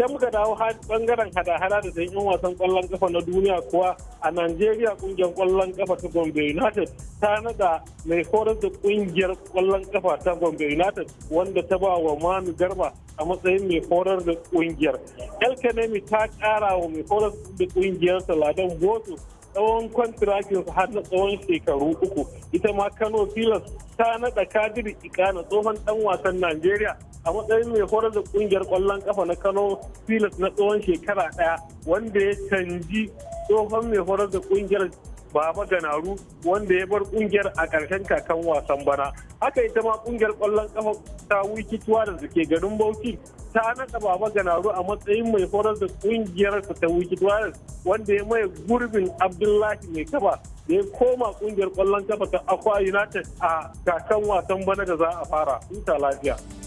idan muka dawo bangaren hada-hada da sayan yan wasan kwallon kafa na duniya kuwa a najeriya kungiyar kwallon kafa ta gombe united ta naga mai horar da kungiyar kwallon kafa ta gombe united wanda ta ba wa manu garba a matsayin mai horar da kungiyar elkanemi ta kara wa mai horar da kungiyar saladan boto tsawon kwantirakin har na tsawon shekaru uku ita ma kano filas ta naɗa kadiri ikana tsohon dan wasan najeriya a matsayin mai horar da kungiyar kwallon kafa na Kano Pilas na tsawon shekara daya wanda ya canji tsohon mai horar da kungiyar Baba Ganaru wanda ya bar kungiyar a karshen kakan wasan bana. Haka ita ma kungiyar kwallon kafa ta wikituwa da suke garin Bauchi ta naɗa Baba Ganaru a matsayin mai horar da kungiyar ta wikituwa wanda ya maye gurbin Abdullahi mai kaba da ya koma kungiyar kwallon kafa ta Akwa United a kakan wasan bana da za a fara. Huta lafiya.